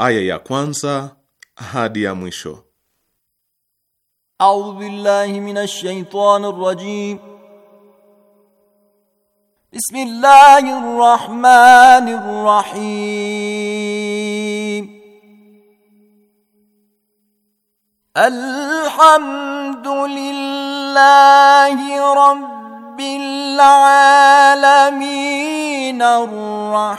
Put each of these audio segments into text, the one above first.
aya ya kwanza hadi ya mwisho. A'udhu billahi minash shaitanir rajim. Bismillahir rahmanir rahim. Alhamdulillahi rabbil alamin. Ar-rahman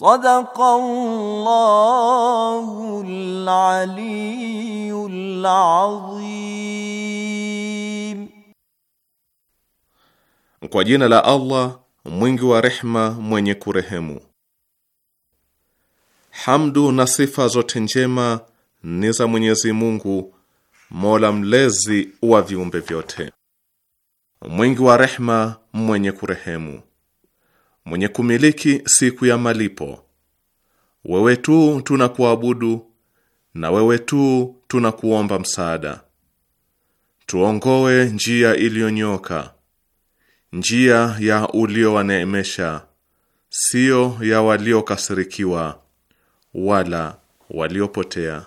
Sadaqallahul aliyyul azim. Kwa jina la Allah mwingi wa rehma mwenye kurehemu. Hamdu na sifa zote njema ni za Mwenyezi Mungu, Mola mlezi wa viumbe vyote, mwingi wa rehma mwenye kurehemu mwenye kumiliki siku ya malipo. Wewe tu tunakuabudu na wewe tu tunakuomba msaada. Tuongoe njia iliyonyoka, njia ya uliowaneemesha, sio ya waliokasirikiwa wala waliopotea.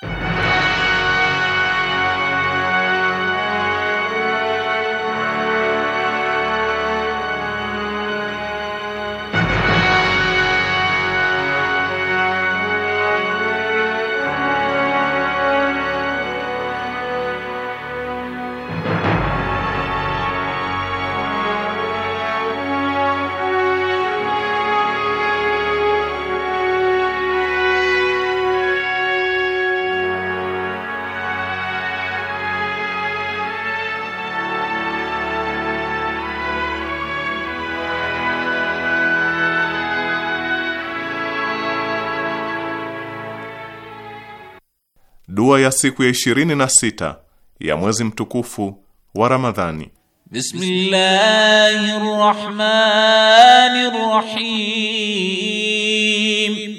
siku ya 26 ya mwezi mtukufu wa Ramadhani. Bismillahir Rahmanir Rahim.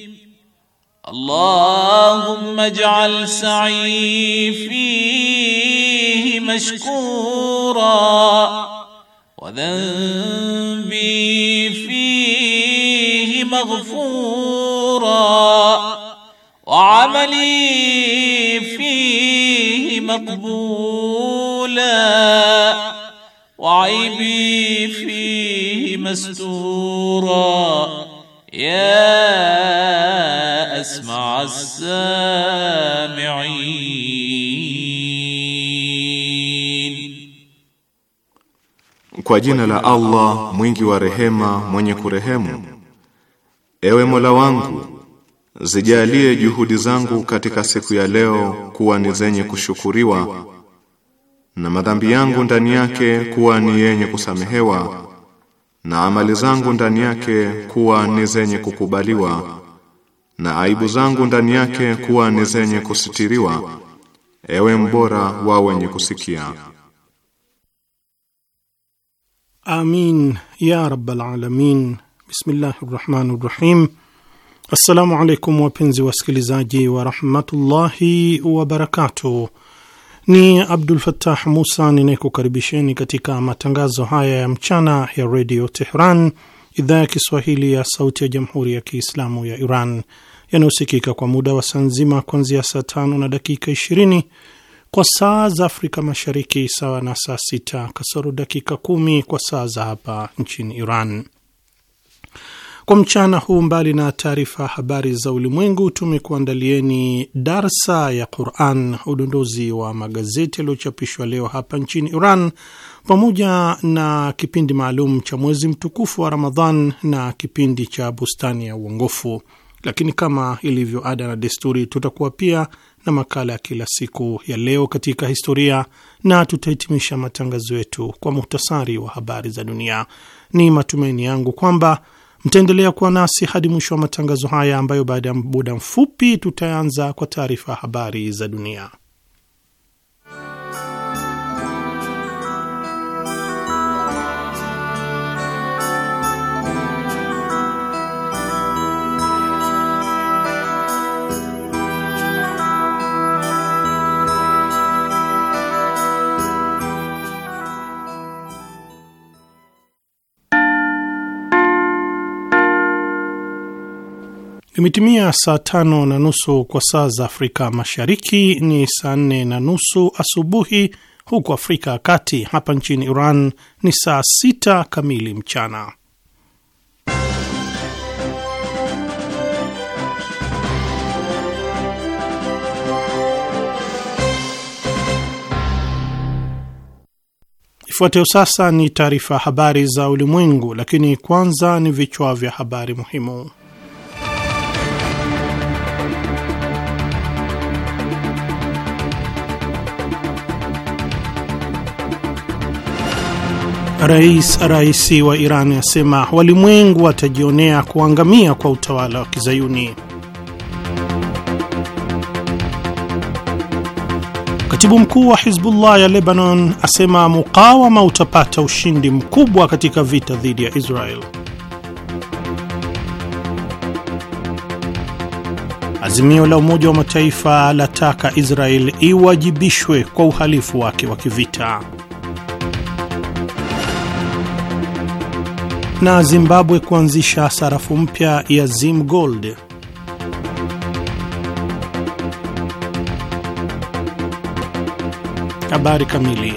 Allahumma ij'al sa'i fihi mashkura wa dhanbi fihi maghfura مقبولا وعيبي فيه مستورا يا اسمع السامعين as-sami'in, kwa jina la Allah mwingi wa rehema mwenye kurehemu. Ewe Mola wangu Zijalie juhudi zangu katika siku ya leo kuwa ni zenye kushukuriwa na madhambi yangu ndani yake kuwa ni yenye kusamehewa na amali zangu ndani yake kuwa ni zenye kukubaliwa na aibu zangu ndani yake kuwa ni zenye kusitiriwa. Ewe mbora wa wenye kusikia. Amin ya rabbal alamin. Bismillahir rahmanir rahim. Assalamu alaikum wapenzi wasikilizaji warahmatullahi wabarakatuh. Ni Abdul Fattah Musa ninayekukaribisheni katika matangazo haya ya mchana ya redio Tehran, idhaa ya Kiswahili ya sauti ya jamhuri ya Kiislamu ya Iran, yanayosikika kwa muda wa saa nzima kuanzia saa tano na dakika 20 kwa saa za Afrika Mashariki, sawa na saa sita kasoro dakika kumi kwa saa za hapa nchini Iran kwa mchana huu, mbali na taarifa ya habari za ulimwengu, tumekuandalieni darsa ya Quran, udondozi wa magazeti yaliyochapishwa leo hapa nchini Iran, pamoja na kipindi maalum cha mwezi mtukufu wa Ramadhan na kipindi cha bustani ya uongofu. Lakini kama ilivyo ada na desturi, tutakuwa pia na makala ya kila siku ya leo katika historia na tutahitimisha matangazo yetu kwa muhtasari wa habari za dunia. Ni matumaini yangu kwamba Mtaendelea kuwa nasi hadi mwisho wa matangazo haya ambayo baada ya muda mfupi tutaanza kwa taarifa habari za dunia. Imetimia saa tano na nusu kwa saa za Afrika Mashariki, ni saa nne na nusu asubuhi huku Afrika ya Kati. Hapa nchini Iran ni saa sita kamili mchana. Ifuatayo sasa ni taarifa habari za ulimwengu, lakini kwanza ni vichwa vya habari muhimu. Rais raisi wa Iran asema walimwengu watajionea kuangamia kwa utawala wa Kizayuni. Katibu mkuu wa Hizbullah ya Lebanon asema mukawama utapata ushindi mkubwa katika vita dhidi ya Israel. Azimio la Umoja wa Mataifa lataka Israel iwajibishwe kwa uhalifu wake wa kivita. na Zimbabwe kuanzisha sarafu mpya ya Zim Gold. Habari kamili.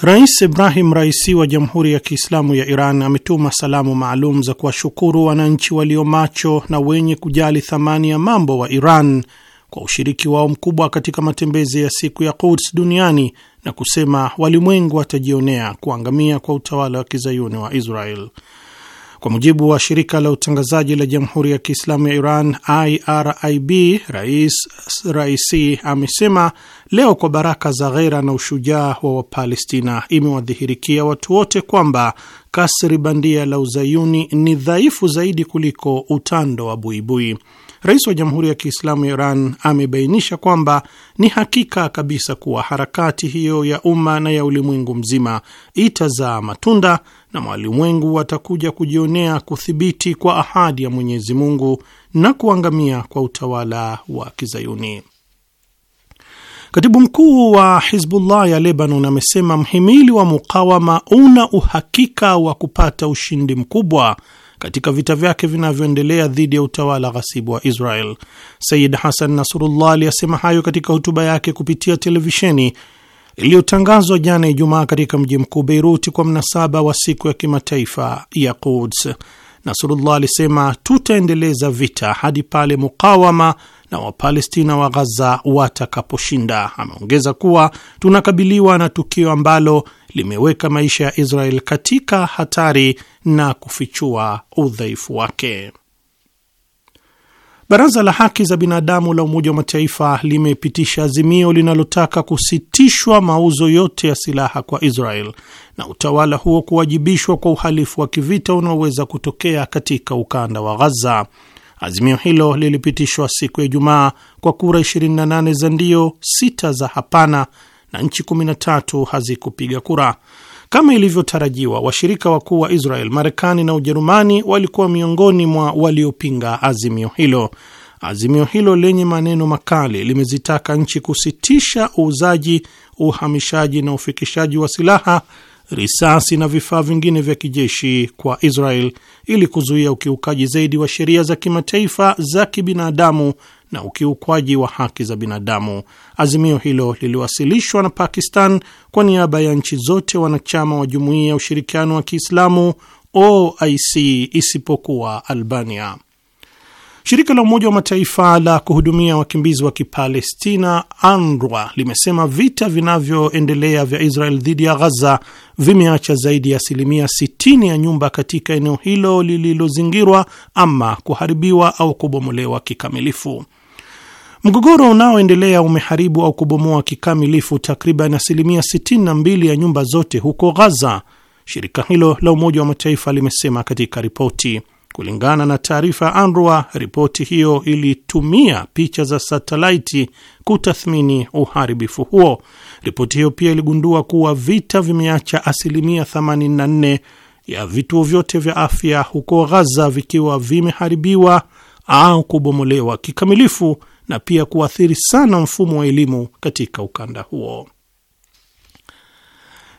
Rais Ibrahim Raisi wa Jamhuri ya Kiislamu ya Iran ametuma salamu maalum za kuwashukuru wananchi walio macho na wenye kujali thamani ya mambo wa Iran kwa ushiriki wao mkubwa katika matembezi ya siku ya Quds duniani na kusema walimwengu watajionea kuangamia kwa utawala wa kizayuni wa Israel. Kwa mujibu wa shirika la utangazaji la Jamhuri ya Kiislamu ya Iran, IRIB, Rais Raisi amesema leo kwa baraka za ghera na ushujaa wa Wapalestina, imewadhihirikia watu wote kwamba kasri bandia la uzayuni ni dhaifu zaidi kuliko utando wa buibui. Rais wa Jamhuri ya Kiislamu ya Iran amebainisha kwamba ni hakika kabisa kuwa harakati hiyo ya umma na ya ulimwengu mzima itazaa matunda na walimwengu watakuja kujionea kuthibiti kwa ahadi ya Mwenyezi Mungu na kuangamia kwa utawala wa Kizayuni. Katibu mkuu wa Hizbullah ya Lebanon amesema mhimili wa mukawama una uhakika wa kupata ushindi mkubwa katika vita vyake vinavyoendelea dhidi ya utawala ghasibu wa Israel. Sayid Hasan Nasrullah aliyasema hayo katika hotuba yake kupitia televisheni iliyotangazwa jana Ijumaa katika mji mkuu Beiruti kwa mnasaba wa siku ya kimataifa ya Quds. Nasrullah alisema tutaendeleza vita hadi pale mukawama na Wapalestina wa Ghaza watakaposhinda. Ameongeza kuwa tunakabiliwa na tukio ambalo limeweka maisha ya Israel katika hatari na kufichua udhaifu wake. Baraza la Haki za Binadamu la Umoja wa Mataifa limepitisha azimio linalotaka kusitishwa mauzo yote ya silaha kwa Israel na utawala huo kuwajibishwa kwa uhalifu wa kivita unaoweza kutokea katika ukanda wa Ghaza. Azimio hilo lilipitishwa siku ya Ijumaa kwa kura 28 za ndio, 6 za hapana na nchi 13 hazikupiga kura. Kama ilivyotarajiwa, washirika wakuu wa Israel, Marekani na Ujerumani walikuwa miongoni mwa waliopinga azimio hilo. Azimio hilo lenye maneno makali limezitaka nchi kusitisha uuzaji, uhamishaji na ufikishaji wa silaha, risasi na vifaa vingine vya kijeshi kwa Israel ili kuzuia ukiukaji zaidi wa sheria za kimataifa za kibinadamu na ukiukwaji wa haki za binadamu. Azimio hilo liliwasilishwa na Pakistan kwa niaba ya nchi zote wanachama wa Jumuiya ya Ushirikiano wa Kiislamu OIC isipokuwa Albania. Shirika la Umoja wa Mataifa la kuhudumia wakimbizi wa Kipalestina UNRWA limesema vita vinavyoendelea vya Israel dhidi ya Ghaza vimeacha zaidi ya asilimia 60 ya nyumba katika eneo hilo lililozingirwa ama kuharibiwa au kubomolewa kikamilifu. Mgogoro unaoendelea umeharibu au kubomoa kikamilifu takriban asilimia 62 ya nyumba zote huko Ghaza, shirika hilo la Umoja wa Mataifa limesema katika ripoti. Kulingana na taarifa ya Anrwa, ripoti hiyo ilitumia picha za satelaiti kutathmini uharibifu huo. Ripoti hiyo pia iligundua kuwa vita vimeacha asilimia 84 ya vituo vyote vya afya huko Ghaza vikiwa vimeharibiwa au kubomolewa kikamilifu na pia kuathiri sana mfumo wa elimu katika ukanda huo.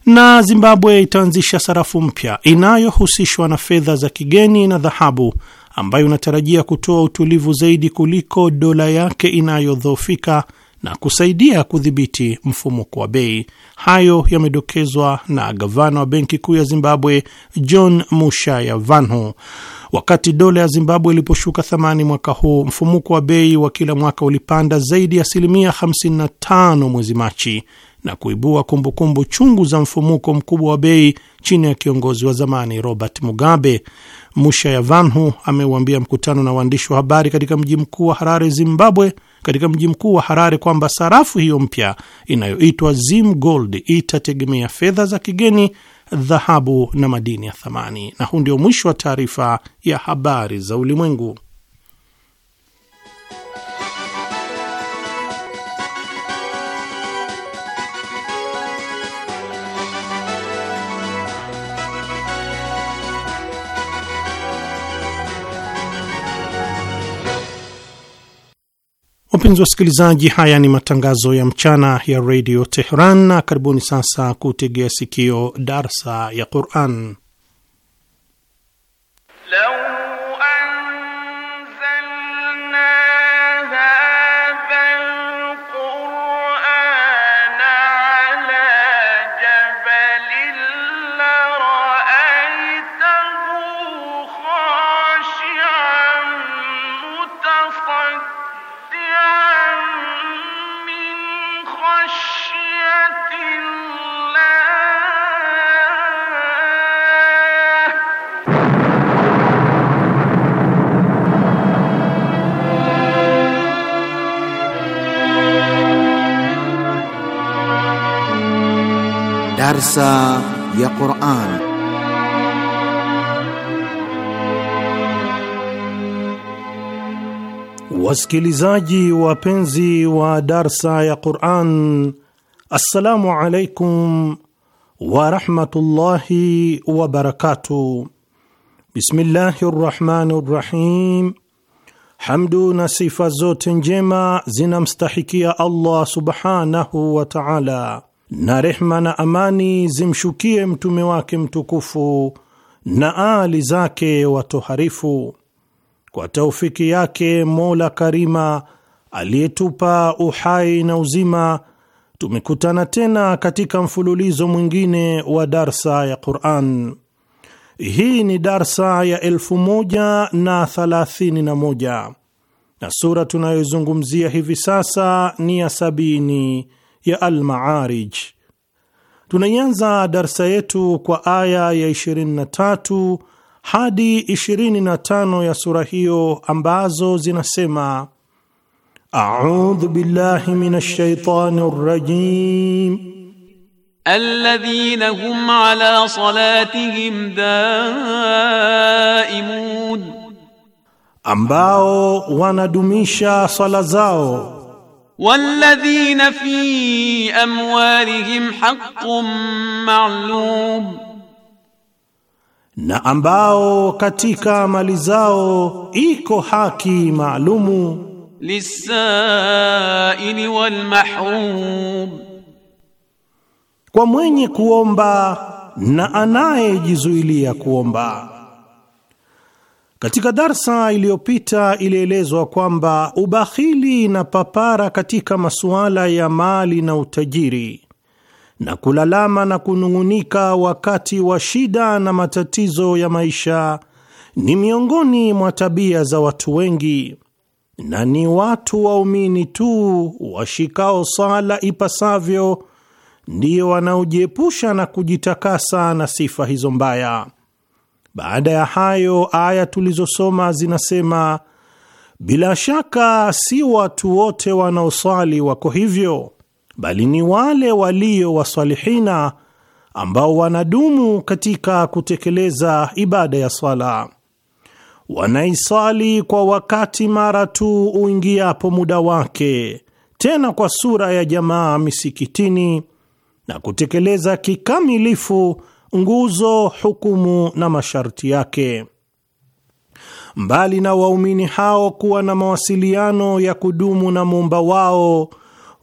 Na Zimbabwe itaanzisha sarafu mpya inayohusishwa na fedha za kigeni na dhahabu ambayo inatarajia kutoa utulivu zaidi kuliko dola yake inayodhoofika na kusaidia kudhibiti mfumuko wa bei. Hayo yamedokezwa na gavana wa benki kuu ya Zimbabwe John Mushaya Vanhu Wakati dola ya Zimbabwe iliposhuka thamani mwaka huu, mfumuko wa bei wa kila mwaka ulipanda zaidi ya asilimia 55 mwezi Machi na kuibua kumbukumbu kumbu chungu za mfumuko mkubwa wa bei chini ya kiongozi wa zamani Robert Mugabe. musha ya vanhu ameuambia mkutano na waandishi wa habari katika mji mkuu wa Harare, Zimbabwe, katika mji mkuu wa Harare kwamba sarafu hiyo mpya inayoitwa Zim Gold itategemea fedha za kigeni dhahabu na madini ya thamani. Na huu ndio mwisho wa taarifa ya habari za ulimwengu. Wapenzi wasikilizaji, haya ni matangazo ya mchana ya redio Tehran, na karibuni sasa kutegea sikio darsa ya Quran. Darsa ya Quran. Wasikilizaji wapenzi wa darsa ya Quran, assalamu alaikum wa wabarakatuh wa barakatuh. Bismillahi rrahmani rrahim. Hamdu na sifa zote njema zinamstahikia Allah subhanahu wa taala na rehma na amani zimshukie mtume wake mtukufu na aali zake watoharifu. Kwa taufiki yake Mola Karima aliyetupa uhai na uzima, tumekutana tena katika mfululizo mwingine wa darsa ya Quran. Hii ni darsa ya elfu moja na thalathini na moja na sura tunayozungumzia hivi sasa ni ya sabini ya Al-Maarij. Tunaianza darsa yetu kwa aya ya 23 hadi 25 ya sura hiyo ambazo zinasema: A'udhu billahi minash shaitani rrajim alladhina hum ala salatihim daimun, ambao wanadumisha sala zao walladhina fi amwalihim haqqun ma'lum, na ambao katika mali zao iko haki maalumu. Lisaili wal mahrum, kwa mwenye kuomba na anayejizuilia kuomba. Katika darsa iliyopita ilielezwa kwamba ubahili na papara katika masuala ya mali na utajiri na kulalama na kunung'unika wakati wa shida na matatizo ya maisha ni miongoni mwa tabia za watu wengi, na ni watu waumini tu washikao sala ipasavyo ndiyo wanaojiepusha na kujitakasa na sifa hizo mbaya. Baada ya hayo, aya tulizosoma zinasema bila shaka si watu wote wanaosali wako hivyo, bali ni wale walio wasalihina ambao wanadumu katika kutekeleza ibada ya swala. Wanaisali kwa wakati mara tu uingiapo muda wake, tena kwa sura ya jamaa misikitini, na kutekeleza kikamilifu nguzo, hukumu na masharti yake. Mbali na waumini hao kuwa na mawasiliano ya kudumu na muumba wao,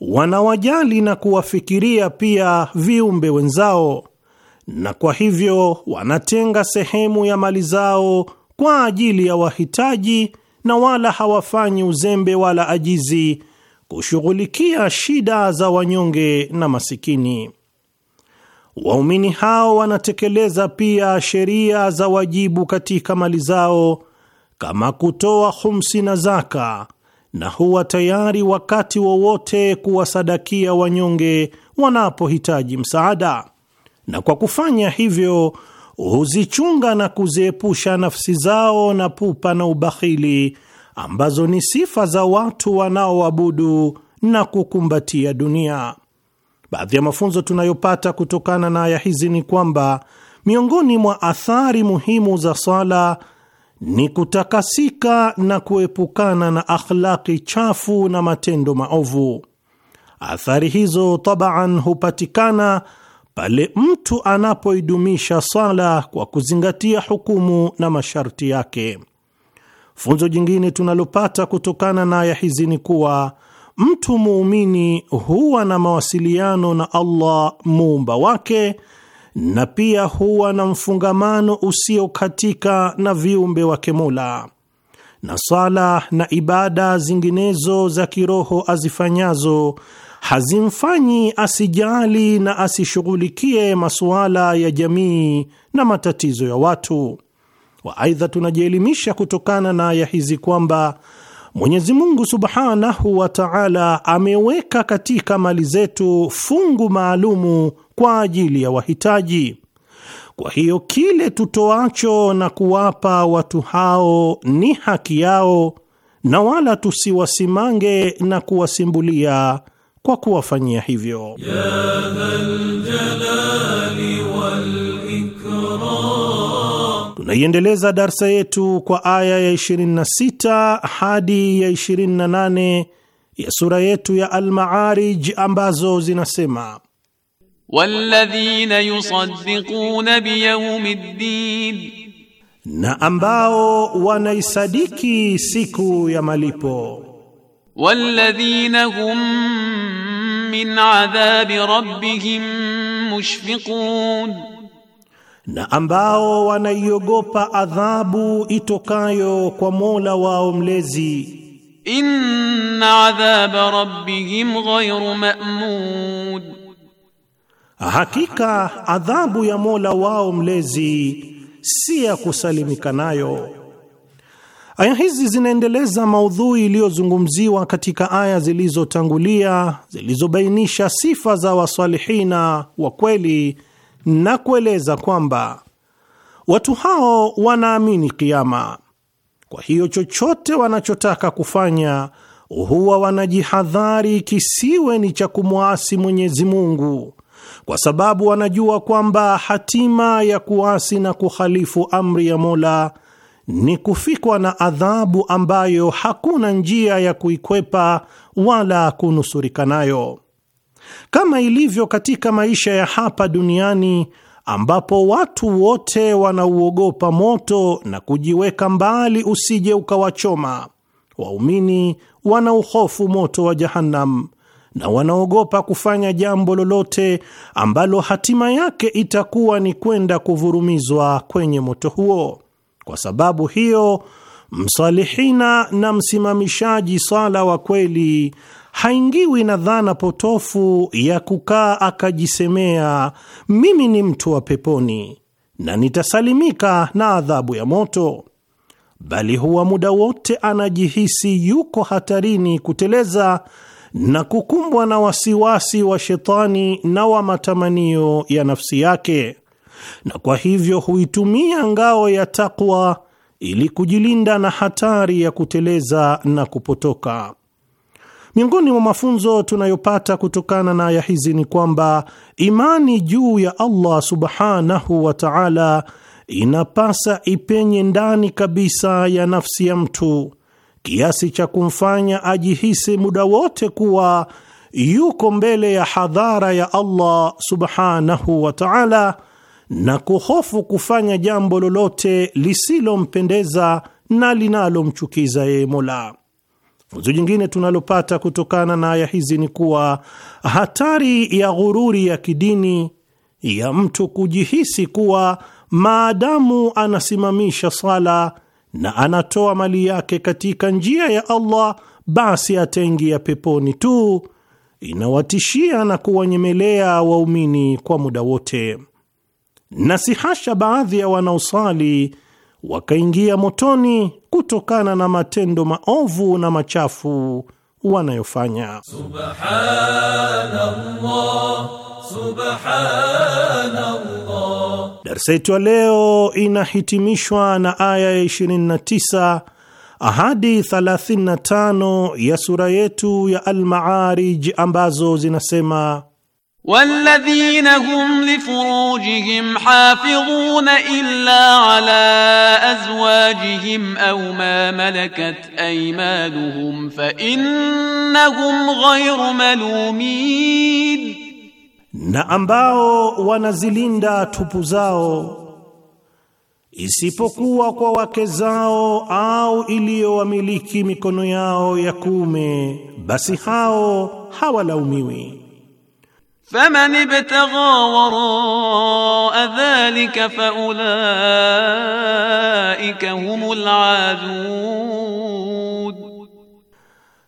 wanawajali na kuwafikiria pia viumbe wenzao, na kwa hivyo wanatenga sehemu ya mali zao kwa ajili ya wahitaji na wala hawafanyi uzembe wala ajizi kushughulikia shida za wanyonge na masikini. Waumini hao wanatekeleza pia sheria za wajibu katika mali zao kama kutoa khumsi na zaka, na huwa tayari wakati wowote kuwasadakia wanyonge wanapohitaji msaada, na kwa kufanya hivyo huzichunga na kuziepusha nafsi zao na pupa na ubakhili ambazo ni sifa za watu wanaoabudu na kukumbatia dunia. Baadhi ya mafunzo tunayopata kutokana na aya hizi ni kwamba miongoni mwa athari muhimu za sala ni kutakasika na kuepukana na akhlaki chafu na matendo maovu. Athari hizo tabaan hupatikana pale mtu anapoidumisha sala kwa kuzingatia hukumu na masharti yake. Funzo jingine tunalopata kutokana na aya hizi ni kuwa mtu muumini huwa na mawasiliano na Allah muumba wake na pia huwa na mfungamano usiokatika na viumbe wake Mola, na sala na ibada zinginezo za kiroho azifanyazo hazimfanyi asijali na asishughulikie masuala ya jamii na matatizo ya watu wa. Aidha, tunajielimisha kutokana na aya hizi kwamba Mwenyezi Mungu Subhanahu wa Ta'ala ameweka katika mali zetu fungu maalumu kwa ajili ya wahitaji. Kwa hiyo kile tutoacho na kuwapa watu hao ni haki yao, na wala tusiwasimange na kuwasimbulia kwa kuwafanyia hivyo ya Tunaiendeleza darsa yetu kwa aya ya 26 hadi ya 28 ya sura yetu ya Al-Ma'arij ambazo zinasema: walladhina yusaddiquna biyawmiddin, na ambao wanaisadiki siku ya malipo. walladhina hum min adhabi rabbihim mushfiqun na ambao wanaiogopa adhabu itokayo kwa Mola wao mlezi. Inna adhaba rabbihim ghayru ma'mud, hakika adhabu ya Mola wao mlezi si ya kusalimika nayo. Aya hizi zinaendeleza maudhui iliyozungumziwa katika aya zilizotangulia zilizobainisha sifa za wasalihina wa kweli na kueleza kwamba watu hao wanaamini kiama, kwa hiyo chochote wanachotaka kufanya huwa wanajihadhari kisiwe ni cha kumwasi Mwenyezi Mungu, kwa sababu wanajua kwamba hatima ya kuasi na kuhalifu amri ya Mola ni kufikwa na adhabu ambayo hakuna njia ya kuikwepa wala kunusurika nayo kama ilivyo katika maisha ya hapa duniani ambapo watu wote wanauogopa moto na kujiweka mbali usije ukawachoma. Waumini wanauhofu moto wa Jahannam na wanaogopa kufanya jambo lolote ambalo hatima yake itakuwa ni kwenda kuvurumizwa kwenye moto huo. Kwa sababu hiyo, msalihina na msimamishaji sala wa kweli haingiwi na dhana potofu ya kukaa akajisemea mimi ni mtu wa peponi na nitasalimika na adhabu ya moto, bali huwa muda wote anajihisi yuko hatarini kuteleza na kukumbwa na wasiwasi wa shetani na wa matamanio ya nafsi yake, na kwa hivyo huitumia ngao ya takwa ili kujilinda na hatari ya kuteleza na kupotoka. Miongoni mwa mafunzo tunayopata kutokana na aya hizi ni kwamba imani juu ya Allah subhanahu wa ta'ala inapasa ipenye ndani kabisa ya nafsi ya mtu kiasi cha kumfanya ajihisi muda wote kuwa yuko mbele ya hadhara ya Allah subhanahu wa ta'ala na kuhofu kufanya jambo lolote lisilompendeza na linalomchukiza yeye Mola. Funzo jingine tunalopata kutokana na aya hizi ni kuwa hatari ya ghururi ya kidini ya mtu kujihisi kuwa maadamu anasimamisha sala na anatoa mali yake katika njia ya Allah basi ataingia peponi tu, inawatishia na kuwanyemelea waumini kwa muda wote, na si hasha baadhi ya wanaosali wakaingia motoni kutokana na matendo maovu na machafu wanayofanya. Subhanallah, subhanallah. Darsa yetu ya leo inahitimishwa na aya ya 29 ahadi 35 ya sura yetu ya Almaarij ambazo zinasema والذين هم لفروجهم حافظون إلا على أزواجهم أو ما ملكت أيمانهم فإنهم غير ملومين na ambao wanazilinda tupu zao isipokuwa kwa wake zao au iliyowamiliki mikono yao ya kuume, basi hao hawalaumiwi. فمن ابتغى وراء ذلك فأولئك هم العادون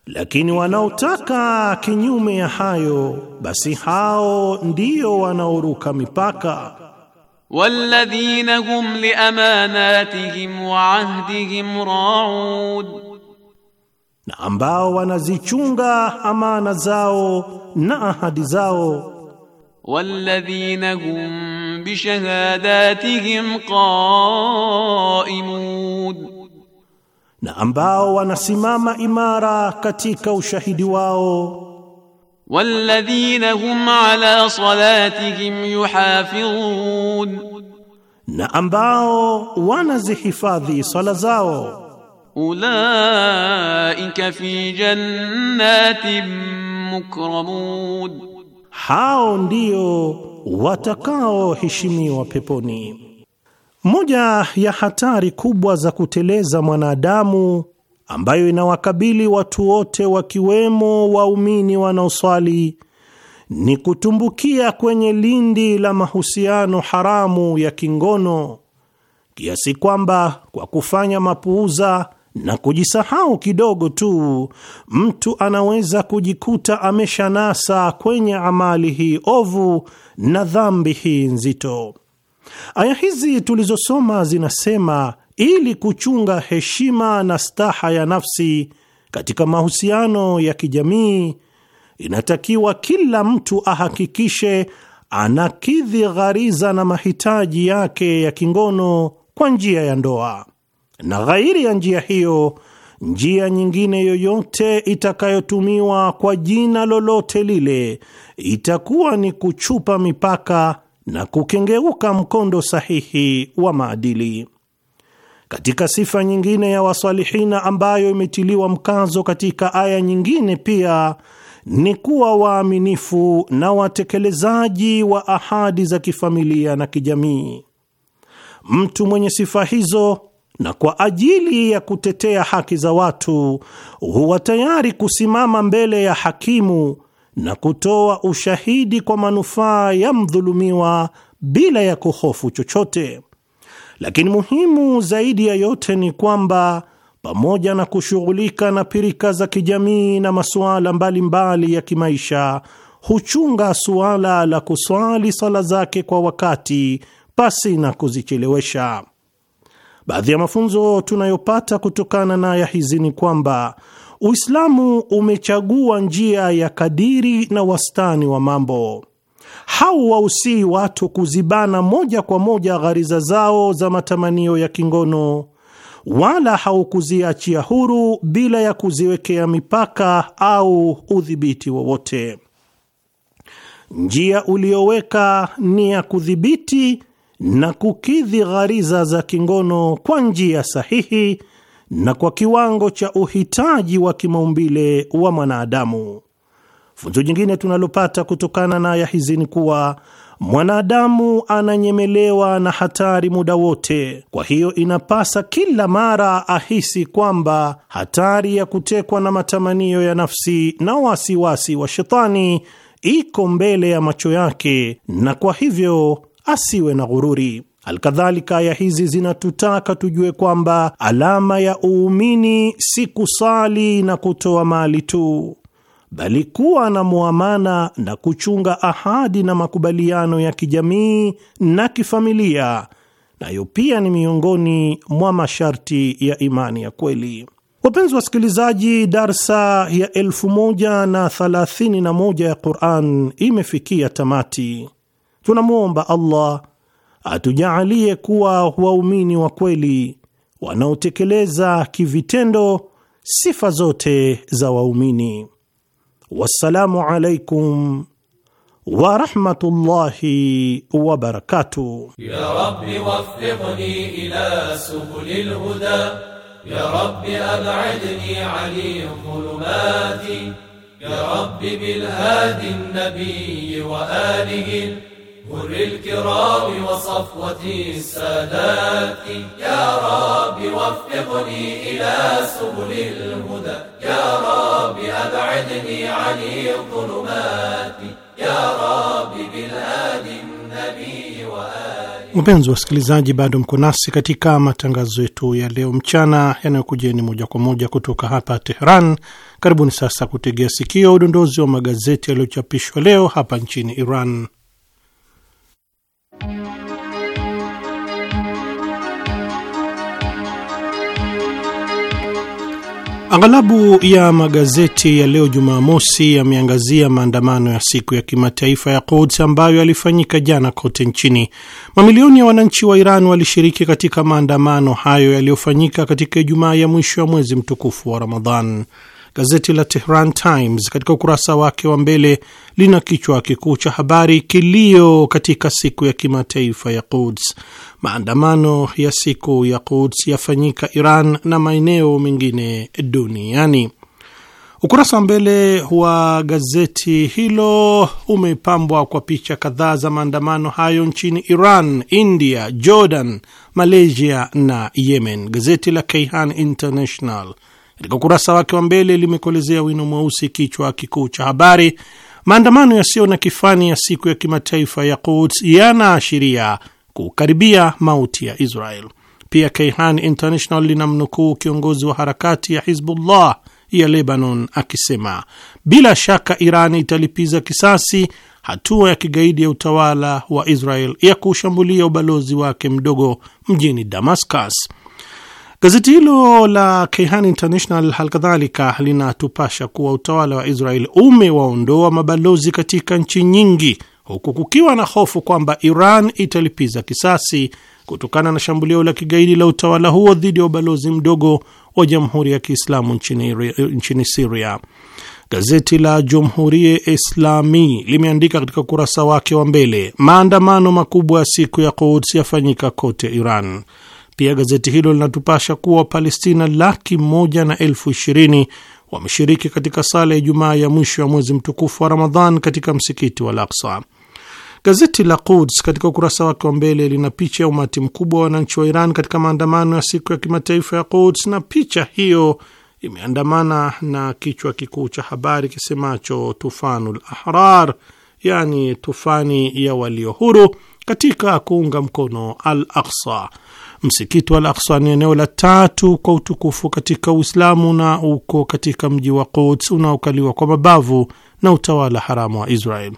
lakini wanaotaka kinyume ya hayo basi hao ndio wanaoruka mipaka والذين هم لأماناتهم وعهدهم راعون na ambao wanazichunga amana zao na ahadi zao والذين هم بشهاداتهم قائمون na ambao wanasimama imara katika ushahidi wao والذين هم على صلاتهم يحافظون na ambao wanazihifadhi sala zao ulaika fi jannatin mukramun hao ndio watakaoheshimiwa peponi. Moja ya hatari kubwa za kuteleza mwanadamu ambayo inawakabili watu wote wakiwemo waumini wanaoswali ni kutumbukia kwenye lindi la mahusiano haramu ya kingono kiasi kwamba kwa kufanya mapuuza na kujisahau kidogo tu, mtu anaweza kujikuta ameshanasa kwenye amali hii ovu na dhambi hii nzito. Aya hizi tulizosoma zinasema ili kuchunga heshima na staha ya nafsi katika mahusiano ya kijamii, inatakiwa kila mtu ahakikishe anakidhi ghariza na mahitaji yake ya kingono kwa njia ya ndoa na ghairi ya njia hiyo, njia nyingine yoyote itakayotumiwa kwa jina lolote lile itakuwa ni kuchupa mipaka na kukengeuka mkondo sahihi wa maadili. Katika sifa nyingine ya wasalihina ambayo imetiliwa mkazo katika aya nyingine pia ni kuwa waaminifu na watekelezaji wa ahadi za kifamilia na kijamii. Mtu mwenye sifa hizo na kwa ajili ya kutetea haki za watu huwa tayari kusimama mbele ya hakimu na kutoa ushahidi kwa manufaa ya mdhulumiwa bila ya kuhofu chochote. Lakini muhimu zaidi ya yote ni kwamba pamoja na kushughulika na pirika za kijamii na masuala mbalimbali ya kimaisha, huchunga suala la kuswali sala zake kwa wakati pasi na kuzichelewesha. Baadhi ya mafunzo tunayopata kutokana na aya hizi ni kwamba Uislamu umechagua njia ya kadiri na wastani wa mambo. Hauwausii watu kuzibana moja kwa moja ghariza zao za matamanio ya kingono, wala haukuziachia huru bila ya kuziwekea mipaka au udhibiti wowote. Njia uliyoweka ni ya kudhibiti na kukidhi ghariza za kingono kwa njia sahihi na kwa kiwango cha uhitaji wa kimaumbile wa mwanadamu. Funzo jingine tunalopata kutokana na aya hizi ni kuwa mwanadamu ananyemelewa na hatari muda wote. Kwa hiyo inapasa kila mara ahisi kwamba hatari ya kutekwa na matamanio ya nafsi na wasiwasi wa shetani iko mbele ya macho yake, na kwa hivyo asiwe na ghururi. Alkadhalika, aya hizi zinatutaka tujue kwamba alama ya uumini si kusali na kutoa mali tu, bali kuwa na muamana na kuchunga ahadi na makubaliano ya kijamii na kifamilia, nayo pia ni miongoni mwa masharti ya imani ya kweli. Wapenzi wasikilizaji, darsa ya 131 ya Quran imefikia tamati. Tunamwomba Allah atujalie kuwa waumini wa kweli wanaotekeleza kivitendo sifa zote za waumini. Wassalamu alaikum wa rahmatullahi wa barakatuh. Ya Rabbi waffiqni ila subulil huda ya Rabbi ab'idni 'ani dhulumati ya Rabbi bil hadi an nabi wa alihi مر الكرام وصفوة السادات يا رب وفقني إلى سبل الهدى يا رب أبعدني عن الظلمات يا رب بالهادي النبي Wapenzi wasikilizaji, bado mko nasi katika matangazo yetu ya leo mchana yanayokujeni moja kwa moja kutoka hapa Tehran. Karibuni sasa kutegea sikio udondozi wa magazeti yaliyochapishwa leo hapa nchini Iran. Aghalabu ya magazeti ya leo Jumamosi yameangazia maandamano ya siku ya kimataifa ya Quds ambayo yalifanyika jana kote nchini. Mamilioni ya wananchi wa Iran walishiriki katika maandamano hayo yaliyofanyika katika Ijumaa ya mwisho ya mwezi mtukufu wa Ramadhan. Gazeti la Tehran Times katika ukurasa wake wa mbele lina kichwa kikuu cha habari kilio katika siku ya kimataifa ya Quds. Maandamano ya siku ya Quds yafanyika Iran na maeneo mengine duniani. Ukurasa wa mbele wa gazeti hilo umepambwa kwa picha kadhaa za maandamano hayo nchini Iran, India, Jordan, Malaysia na Yemen. Gazeti la Kayhan International katika ukurasa wake wa mbele limekolezea wino mweusi kichwa kikuu cha habari, maandamano yasiyo na kifani ya siku ya kimataifa ya Quds yanaashiria kukaribia mauti ya Israel. Pia Kayhan International linamnukuu kiongozi wa harakati ya Hizbullah ya Lebanon akisema bila shaka Iran italipiza kisasi hatua ya kigaidi ya utawala wa Israel ya kushambulia ubalozi wake mdogo mjini Damascus. Gazeti hilo la Kehan International halikadhalika linatupasha kuwa utawala wa Israel umewaondoa mabalozi katika nchi nyingi, huku kukiwa na hofu kwamba Iran italipiza kisasi kutokana na shambulio la kigaidi la utawala huo dhidi ya ubalozi mdogo wa Jamhuri ya Kiislamu nchini, nchini Siria. Gazeti la Jumhurie Islami limeandika katika ukurasa wake wa mbele, maandamano makubwa ya siku ya Quds yafanyika kote Iran. Pia gazeti hilo linatupasha kuwa Wapalestina laki moja na elfu ishirini wameshiriki katika sala ya Ijumaa ya mwisho ya mwezi mtukufu wa Ramadhan katika msikiti wa Al-Aqsa. Gazeti la Quds katika ukurasa wake wa mbele lina picha ya umati mkubwa wa wananchi wa Iran katika maandamano ya siku ya kimataifa ya Quds, na picha hiyo imeandamana na kichwa kikuu cha habari kisemacho tufanul ahrar, yani tufani ya walio huru katika kuunga mkono Al Aqsa. Msikiti wa Al Aqsa ni eneo la tatu kwa utukufu katika Uislamu na uko katika mji wa Quds unaokaliwa kwa mabavu na utawala haramu wa Israel.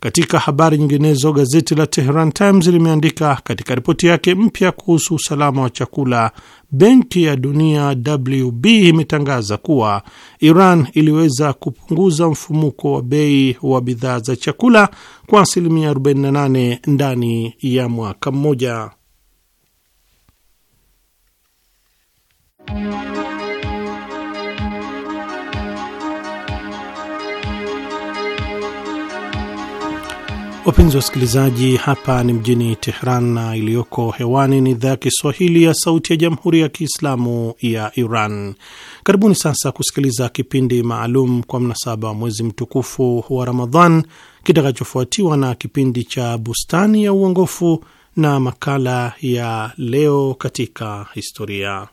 Katika habari nyinginezo, gazeti la Tehran Times limeandika katika ripoti yake mpya kuhusu usalama wa chakula Benki ya Dunia WB imetangaza kuwa Iran iliweza kupunguza mfumuko wa bei wa bidhaa za chakula kwa asilimia 48 ndani ya mwaka mmoja. Wapenzi wa wasikilizaji, hapa ni mjini Tehran na iliyoko hewani ni idhaa ya Kiswahili ya Sauti ya Jamhuri ya Kiislamu ya Iran. Karibuni sasa kusikiliza kipindi maalum kwa mnasaba wa mwezi mtukufu wa Ramadhan kitakachofuatiwa na kipindi cha Bustani ya Uongofu na makala ya Leo katika Historia.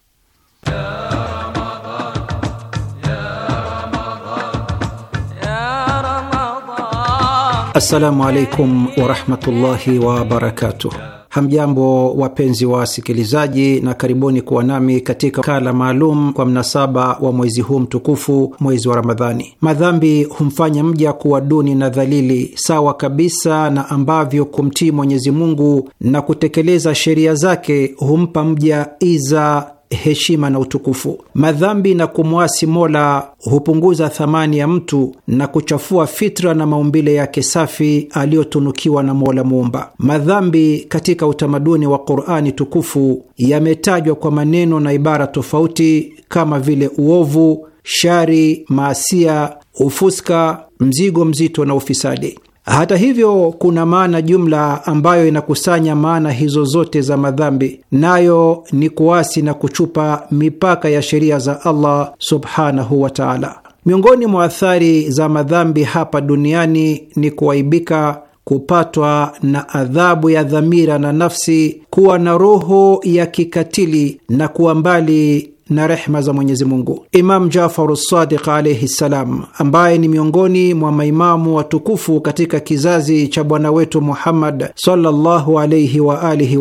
Assalamu alaikum warahmatullahi wabarakatuh. Hamjambo wapenzi wa wasikilizaji, na karibuni kuwa nami katika kala maalum kwa mnasaba wa mwezi huu mtukufu, mwezi wa Ramadhani. Madhambi humfanya mja kuwa duni na dhalili, sawa kabisa na ambavyo kumtii Mwenyezi Mungu na kutekeleza sheria zake humpa mja iza heshima na utukufu. Madhambi na kumwasi Mola hupunguza thamani ya mtu na kuchafua fitra na maumbile yake safi aliyotunukiwa na Mola Muumba. Madhambi katika utamaduni wa Qurani tukufu yametajwa kwa maneno na ibara tofauti kama vile uovu, shari, maasia, ufuska, mzigo mzito na ufisadi. Hata hivyo, kuna maana jumla ambayo inakusanya maana hizo zote za madhambi, nayo ni kuasi na kuchupa mipaka ya sheria za Allah subhanahu wa taala. Miongoni mwa athari za madhambi hapa duniani ni kuaibika, kupatwa na adhabu ya dhamira na nafsi, kuwa na roho ya kikatili na kuwa mbali na rehma za Mwenyezi Mungu. Imam Jafaru Sadiq alaihi ssalam, ambaye ni miongoni mwa maimamu watukufu katika kizazi cha bwana wetu Muhammad sallallahu alaihi wa alihi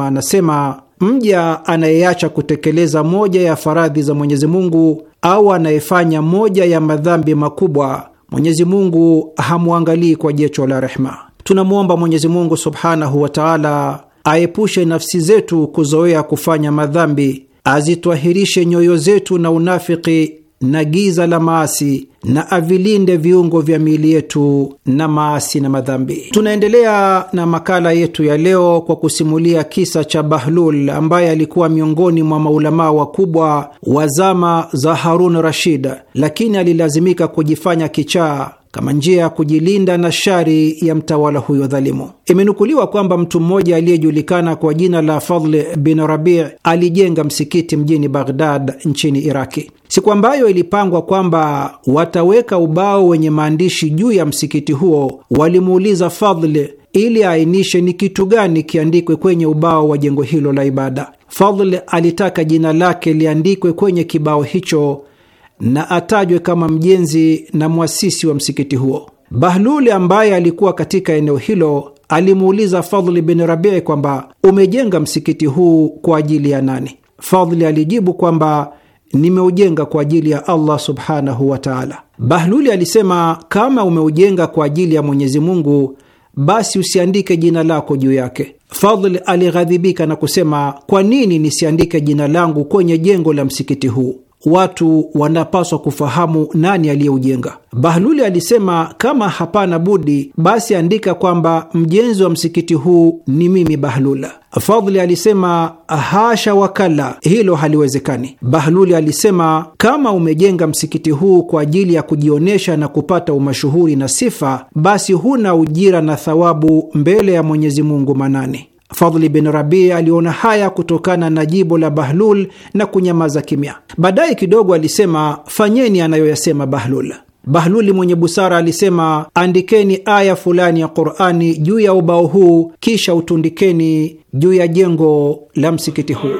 anasema mja anayeacha kutekeleza moja ya faradhi za Mwenyezi Mungu au anayefanya moja ya madhambi makubwa, Mwenyezi Mungu hamwangalii kwa jecho la rehma. Tunamwomba Mwenyezi Mungu subhanahu wa taala aepushe nafsi zetu kuzoea kufanya madhambi azitwahirishe nyoyo zetu na unafiki na giza la maasi na avilinde viungo vya miili yetu na maasi na madhambi. Tunaendelea na makala yetu ya leo kwa kusimulia kisa cha Bahlul ambaye alikuwa miongoni mwa maulamaa wakubwa wa zama za Harun Rashid, lakini alilazimika kujifanya kichaa kama njia ya kujilinda na shari ya mtawala huyo dhalimu. Imenukuliwa kwamba mtu mmoja aliyejulikana kwa jina la Fadl bin Rabi alijenga msikiti mjini Baghdad nchini Iraki. Siku ambayo ilipangwa kwamba wataweka ubao wenye maandishi juu ya msikiti huo, walimuuliza Fadl ili aainishe ni kitu gani kiandikwe kwenye ubao wa jengo hilo la ibada. Fadl alitaka jina lake liandikwe kwenye kibao hicho na atajwe kama mjenzi na mwasisi wa msikiti huo. Bahluli ambaye alikuwa katika eneo hilo alimuuliza Fadhli bin Rabii kwamba umejenga msikiti huu kwa ajili ya nani? Fadhli alijibu kwamba nimeujenga kwa ajili ya Allah subhanahu wa taala. Bahluli alisema, kama umeujenga kwa ajili ya Mwenyezi Mungu, basi usiandike jina lako juu yake. fadl alighadhibika na kusema, kwa nini nisiandike jina langu kwenye jengo la msikiti huu? watu wanapaswa kufahamu nani aliyeujenga. Bahluli alisema, kama hapana budi, basi andika kwamba mjenzi wa msikiti huu ni mimi Bahlula. Fadhli alisema, hasha wakala, hilo haliwezekani. Bahluli alisema, kama umejenga msikiti huu kwa ajili ya kujionyesha na kupata umashuhuri na sifa, basi huna ujira na thawabu mbele ya Mwenyezi Mungu manane. Fadhli bin rabi aliona haya kutokana na jibo la Bahlul na kunyamaza kimya. Baadaye kidogo alisema, fanyeni anayoyasema Bahlul. Bahluli mwenye busara alisema, andikeni aya fulani ya Qurani juu ya ubao huu, kisha utundikeni juu ya jengo la msikiti huu.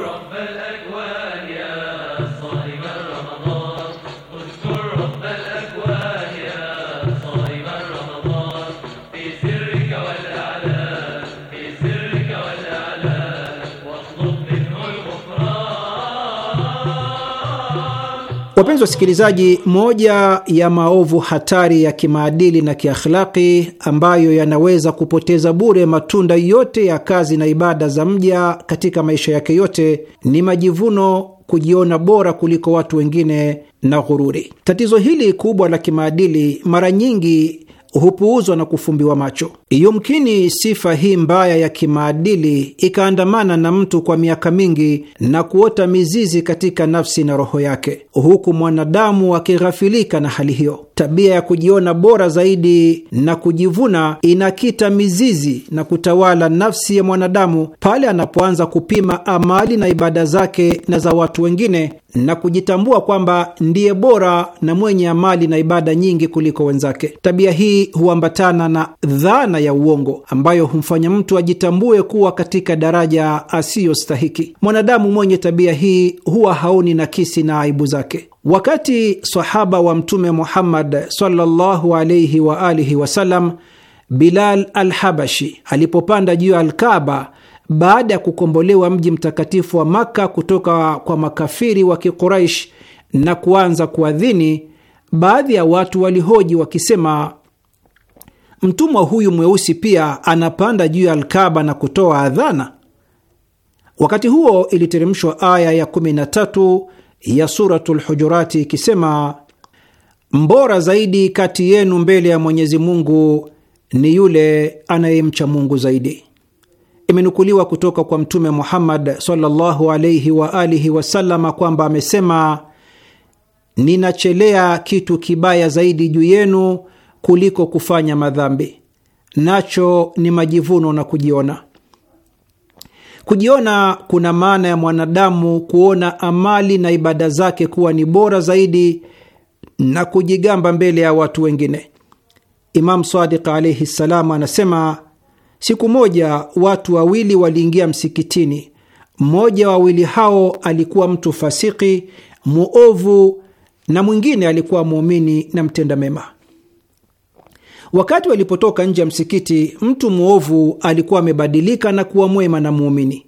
Wapenzi wasikilizaji, moja ya maovu hatari ya kimaadili na kiakhlaki ambayo yanaweza kupoteza bure matunda yote ya kazi na ibada za mja katika maisha yake yote ni majivuno, kujiona bora kuliko watu wengine na ghururi. Tatizo hili kubwa la kimaadili mara nyingi hupuuzwa na kufumbiwa macho. Yumkini sifa hii mbaya ya kimaadili ikaandamana na mtu kwa miaka mingi na kuota mizizi katika nafsi na roho yake, huku mwanadamu akighafilika na hali hiyo. Tabia ya kujiona bora zaidi na kujivuna inakita mizizi na kutawala nafsi ya mwanadamu pale anapoanza kupima amali na ibada zake na za watu wengine na kujitambua kwamba ndiye bora na mwenye amali na ibada nyingi kuliko wenzake. Tabia hii huambatana na dhana ya uongo ambayo humfanya mtu ajitambue kuwa katika daraja asiyostahiki. Mwanadamu mwenye tabia hii huwa haoni nakisi na aibu zake. Wakati sahaba wa Mtume Muhammad sallallahu alaihi wa alihi wasallam Bilal Alhabashi alipopanda juu ya Alkaba baada ya kukombolewa mji mtakatifu wa Makka kutoka kwa makafiri wa Kiquraish na kuanza kuadhini, baadhi ya watu walihoji wakisema, mtumwa huyu mweusi pia anapanda juu ya Alkaba na kutoa adhana. Wakati huo iliteremshwa aya ya 13 ya Suratul Hujurati ikisema, mbora zaidi kati yenu mbele ya Mwenyezi Mungu ni yule anayemcha Mungu zaidi imenukuliwa kutoka kwa Mtume Muhammad sallallahu alaihi wa alihi wasallama kwamba amesema, ninachelea kitu kibaya zaidi juu yenu kuliko kufanya madhambi, nacho ni majivuno na kujiona. Kujiona kuna maana ya mwanadamu kuona amali na ibada zake kuwa ni bora zaidi na kujigamba mbele ya watu wengine. Imam Sadiq alaihi ssalam anasema Siku moja watu wawili waliingia msikitini. Mmoja wa wawili hao alikuwa mtu fasiki muovu, na mwingine alikuwa muumini na mtenda mema. Wakati walipotoka nje ya msikiti, mtu mwovu alikuwa amebadilika na kuwa mwema na muumini,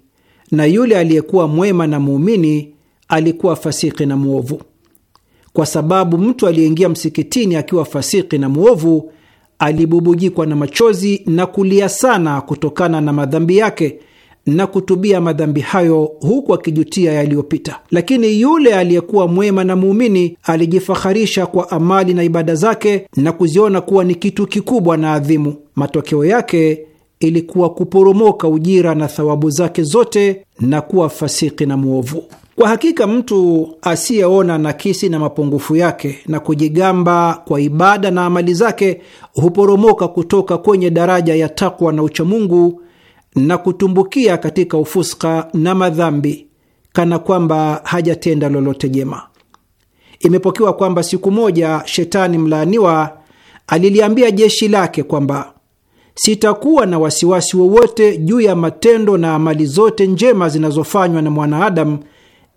na yule aliyekuwa mwema na muumini alikuwa fasiki na mwovu. Kwa sababu mtu aliyeingia msikitini akiwa fasiki na mwovu alibubujikwa na machozi na kulia sana kutokana na madhambi yake na kutubia madhambi hayo huku akijutia yaliyopita. Lakini yule aliyekuwa mwema na muumini alijifaharisha kwa amali na ibada zake na kuziona kuwa ni kitu kikubwa na adhimu. Matokeo yake ilikuwa kuporomoka ujira na thawabu zake zote na kuwa fasiki na mwovu. Kwa hakika mtu asiyeona nakisi na mapungufu yake na kujigamba kwa ibada na amali zake huporomoka kutoka kwenye daraja ya takwa na uchamungu na kutumbukia katika ufuska na madhambi, kana kwamba hajatenda lolote jema. Imepokewa kwamba siku moja Shetani mlaaniwa aliliambia jeshi lake kwamba sitakuwa na wasiwasi wowote juu ya matendo na amali zote njema zinazofanywa na mwanaadamu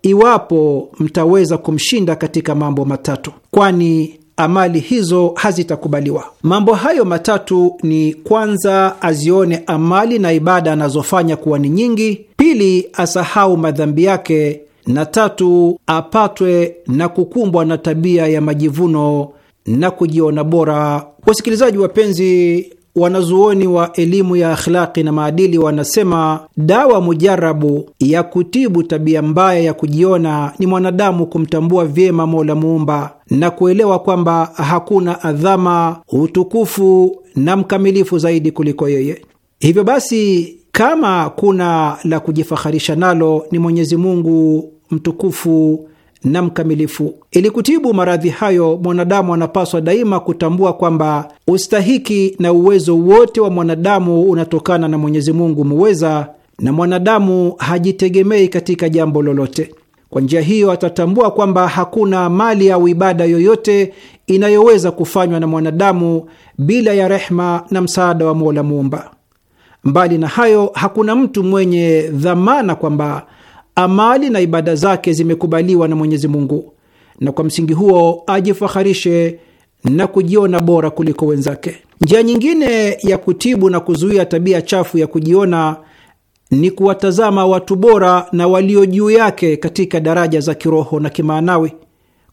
iwapo mtaweza kumshinda katika mambo matatu, kwani amali hizo hazitakubaliwa. Mambo hayo matatu ni kwanza, azione amali na ibada anazofanya kuwa ni nyingi; pili, asahau madhambi yake; na tatu, apatwe na kukumbwa na tabia ya majivuno na kujiona bora. Wasikilizaji wapenzi, Wanazuoni wa elimu ya akhlaki na maadili wanasema dawa mujarabu ya kutibu tabia mbaya ya kujiona ni mwanadamu kumtambua vyema Mola muumba na kuelewa kwamba hakuna adhama, utukufu na mkamilifu zaidi kuliko yeye. Hivyo basi, kama kuna la kujifaharisha nalo ni Mwenyezi Mungu mtukufu na mkamilifu. Ili kutibu maradhi hayo, mwanadamu anapaswa daima kutambua kwamba ustahiki na uwezo wote wa mwanadamu unatokana na Mwenyezi Mungu muweza, na mwanadamu hajitegemei katika jambo lolote. Kwa njia hiyo atatambua kwamba hakuna mali au ibada yoyote inayoweza kufanywa na mwanadamu bila ya rehma na msaada wa Mola Muumba. Mbali na hayo, hakuna mtu mwenye dhamana kwamba amali na ibada zake zimekubaliwa na Mwenyezi Mungu, na kwa msingi huo ajifaharishe na kujiona bora kuliko wenzake. Njia nyingine ya kutibu na kuzuia tabia chafu ya kujiona ni kuwatazama watu bora na walio juu yake katika daraja za kiroho na kimaanawi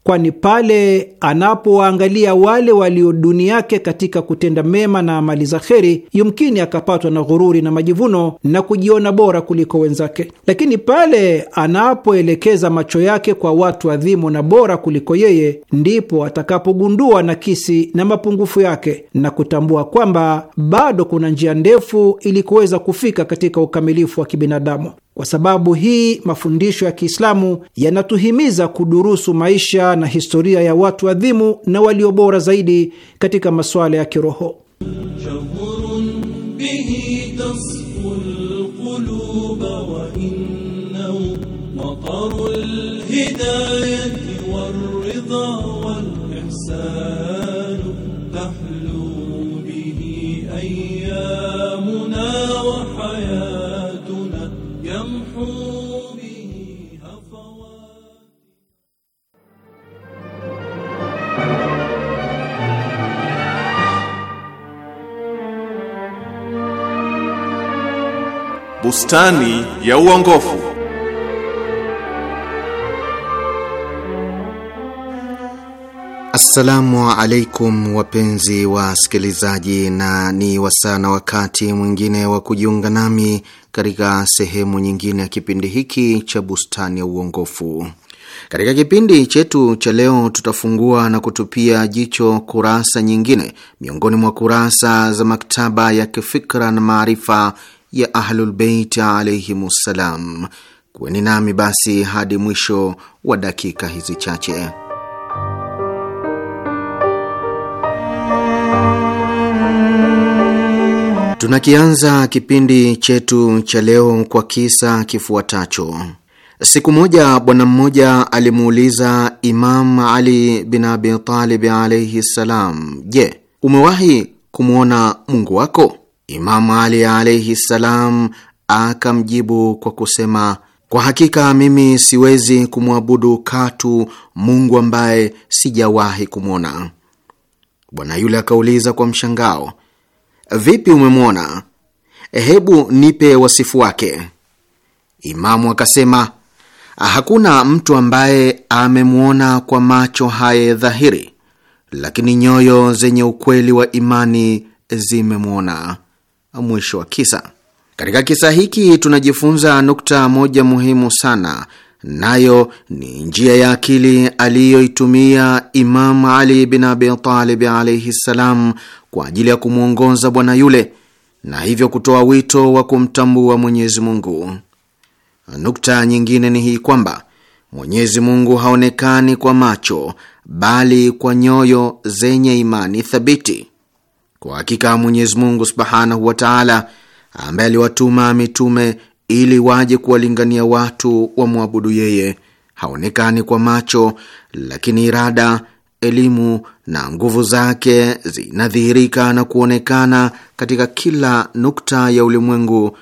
kwani pale anapowaangalia wale walio duni yake katika kutenda mema na amali za kheri, yumkini akapatwa na ghururi na majivuno na kujiona bora kuliko wenzake. Lakini pale anapoelekeza macho yake kwa watu adhimu na bora kuliko yeye, ndipo atakapogundua nakisi na mapungufu yake na kutambua kwamba bado kuna njia ndefu ili kuweza kufika katika ukamilifu wa kibinadamu. Kwa sababu hii, mafundisho ya Kiislamu yanatuhimiza kudurusu maisha na historia ya watu adhimu na waliobora zaidi katika masuala ya kiroho. bustani ya uongofu. Assalamu alaikum wapenzi sikilizaji, na ni wasaa na wakati mwingine wa kujiunga nami katika sehemu nyingine ya kipindi hiki cha bustani ya uongofu. Katika kipindi chetu cha leo tutafungua na kutupia jicho kurasa nyingine miongoni mwa kurasa za maktaba ya kifikra na maarifa ya Ahlulbeit ssalam. Kuweni nami basi hadi mwisho wa dakika hizi chache. Tunakianza kipindi chetu cha leo kwa kisa kifuatacho. Siku moja bwana mmoja alimuuliza Imam Ali bin Abi Talib alaihi ssalam, je, umewahi kumwona Mungu wako? Imamu Ali alaihi ssalam akamjibu kwa kusema, kwa hakika mimi siwezi kumwabudu katu Mungu ambaye sijawahi kumwona. Bwana yule akauliza kwa mshangao, vipi umemwona? Hebu nipe wasifu wake. Imamu akasema, hakuna mtu ambaye amemwona kwa macho haya dhahiri, lakini nyoyo zenye ukweli wa imani zimemwona mwisho wa kisa. Katika kisa hiki tunajifunza nukta moja muhimu sana, nayo ni njia ya akili aliyoitumia Imam Ali bin Abi Talib alaihi ssalam kwa ajili ya kumwongoza bwana yule na hivyo kutoa wito wa kumtambua Mwenyezi Mungu. Nukta nyingine ni hii kwamba Mwenyezi Mungu haonekani kwa macho bali kwa nyoyo zenye imani thabiti. Kwa hakika Mwenyezi Mungu subhanahu wa taala, ambaye aliwatuma mitume ili waje kuwalingania watu wamwabudu yeye, haonekani kwa macho, lakini irada, elimu na nguvu zake zinadhihirika na kuonekana katika kila nukta ya ulimwengu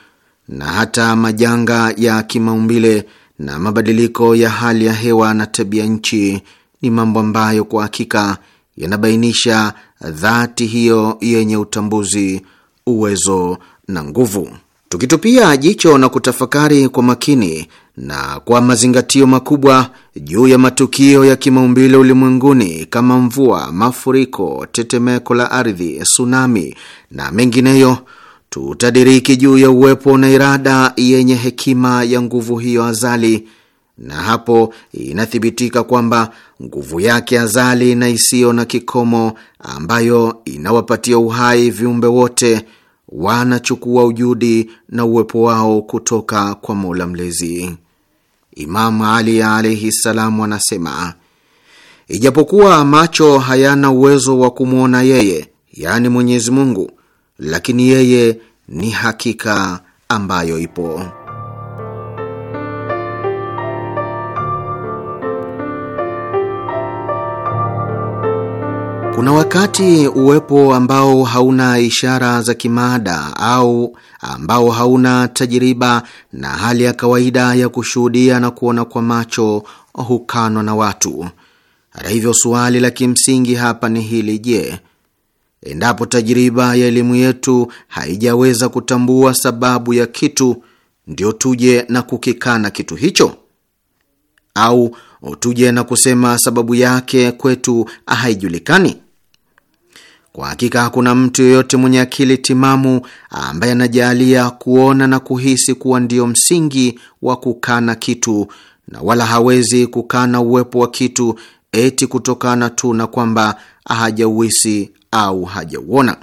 na hata majanga ya kimaumbile na mabadiliko ya hali ya hewa na tabia nchi ni mambo ambayo kwa hakika yanabainisha dhati hiyo yenye utambuzi, uwezo na nguvu. Tukitupia jicho na kutafakari kwa makini na kwa mazingatio makubwa juu ya matukio ya kimaumbile ulimwenguni kama mvua, mafuriko, tetemeko la ardhi, tsunami na mengineyo, tutadiriki juu ya uwepo na irada yenye hekima ya nguvu hiyo azali, na hapo inathibitika kwamba nguvu yake azali na isiyo na kikomo, ambayo inawapatia uhai viumbe wote, wanachukua ujudi na uwepo wao kutoka kwa Mola Mlezi. Imamu Ali alaihi salamu anasema, ijapokuwa macho hayana uwezo wa kumwona yeye, yaani Mwenyezi Mungu, lakini yeye ni hakika ambayo ipo. Kuna wakati uwepo ambao hauna ishara za kimaada au ambao hauna tajiriba na hali ya kawaida ya kushuhudia na kuona kwa macho hukanwa na watu. Hata hivyo, suali la kimsingi hapa ni hili: je, endapo tajiriba ya elimu yetu haijaweza kutambua sababu ya kitu, ndio tuje na kukikana kitu hicho au tuje na kusema sababu yake kwetu haijulikani? Kwa hakika hakuna mtu yoyote mwenye akili timamu ambaye anajaalia kuona na kuhisi kuwa ndio msingi wa kukana kitu, na wala hawezi kukana uwepo wa kitu eti kutokana tu na kwamba hajauhisi au hajauona.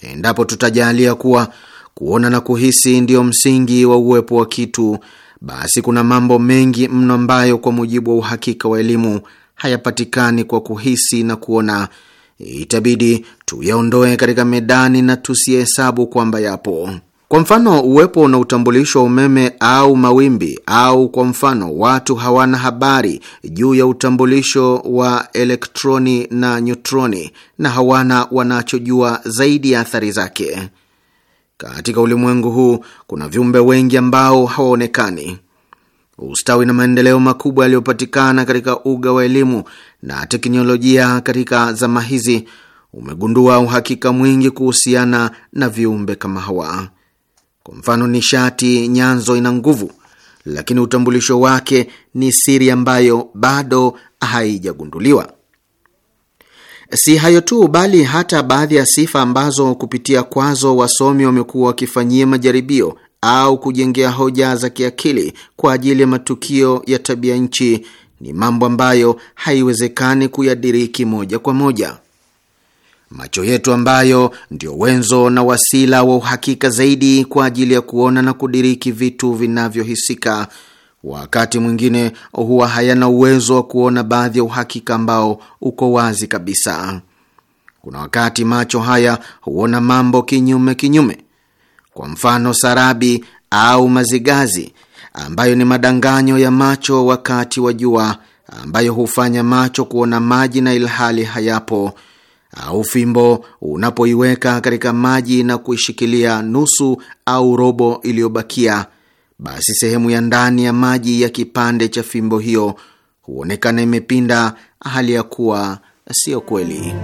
Endapo tutajaalia kuwa kuona na kuhisi ndiyo msingi wa uwepo wa kitu, basi kuna mambo mengi mno ambayo kwa mujibu wa uhakika wa elimu hayapatikani kwa kuhisi na kuona itabidi tuyaondoe katika medani na tusihesabu kwamba yapo. Kwa mfano, uwepo na utambulisho wa umeme au mawimbi, au kwa mfano watu hawana habari juu ya utambulisho wa elektroni na nyutroni, na hawana wanachojua zaidi ya athari zake. Katika ulimwengu huu kuna viumbe wengi ambao hawaonekani. Ustawi na maendeleo makubwa yaliyopatikana katika uga wa elimu na teknolojia katika zama hizi umegundua uhakika mwingi kuhusiana na viumbe kama hawa. Kwa mfano, nishati nyanzo ina nguvu, lakini utambulisho wake ni siri ambayo bado haijagunduliwa. Si hayo tu, bali hata baadhi ya sifa ambazo kupitia kwazo wasomi wamekuwa wakifanyia majaribio au kujengea hoja za kiakili kwa ajili ya matukio ya tabia nchi ni mambo ambayo haiwezekani kuyadiriki moja kwa moja. Macho yetu ambayo ndio wenzo na wasila wa uhakika zaidi kwa ajili ya kuona na kudiriki vitu vinavyohisika, wakati mwingine huwa hayana uwezo wa kuona baadhi ya uhakika ambao uko wazi kabisa. Kuna wakati macho haya huona mambo kinyume kinyume, kwa mfano sarabi au mazigazi ambayo ni madanganyo ya macho wakati wa jua, ambayo hufanya macho kuona maji na ilhali hayapo, au fimbo unapoiweka katika maji na kuishikilia nusu au robo iliyobakia, basi sehemu ya ndani ya maji ya kipande cha fimbo hiyo huonekana imepinda, hali ya kuwa siyo kweli.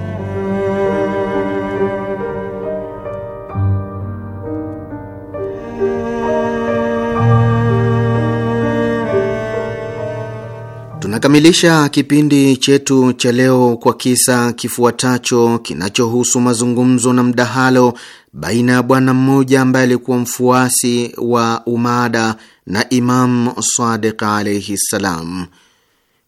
Tunakamilisha kipindi chetu cha leo kwa kisa kifuatacho kinachohusu mazungumzo na mdahalo baina ya bwana mmoja ambaye alikuwa mfuasi wa umada na Imam Sadiq alaihi ssalam.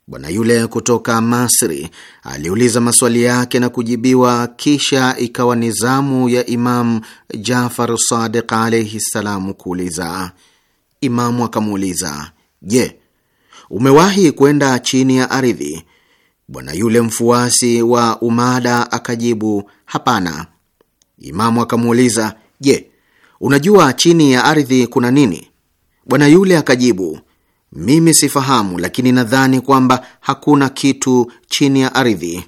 Bwana yule kutoka Masri aliuliza maswali yake na kujibiwa, kisha ikawa ni zamu ya Imam Jafar Sadiq alaihi ssalam kuuliza. Imamu akamuuliza, je, yeah, umewahi kwenda chini ya ardhi? Bwana yule mfuasi wa umada akajibu, hapana. Imamu akamuuliza, je, unajua chini ya ardhi kuna nini? Bwana yule akajibu, mimi sifahamu, lakini nadhani kwamba hakuna kitu chini ya ardhi.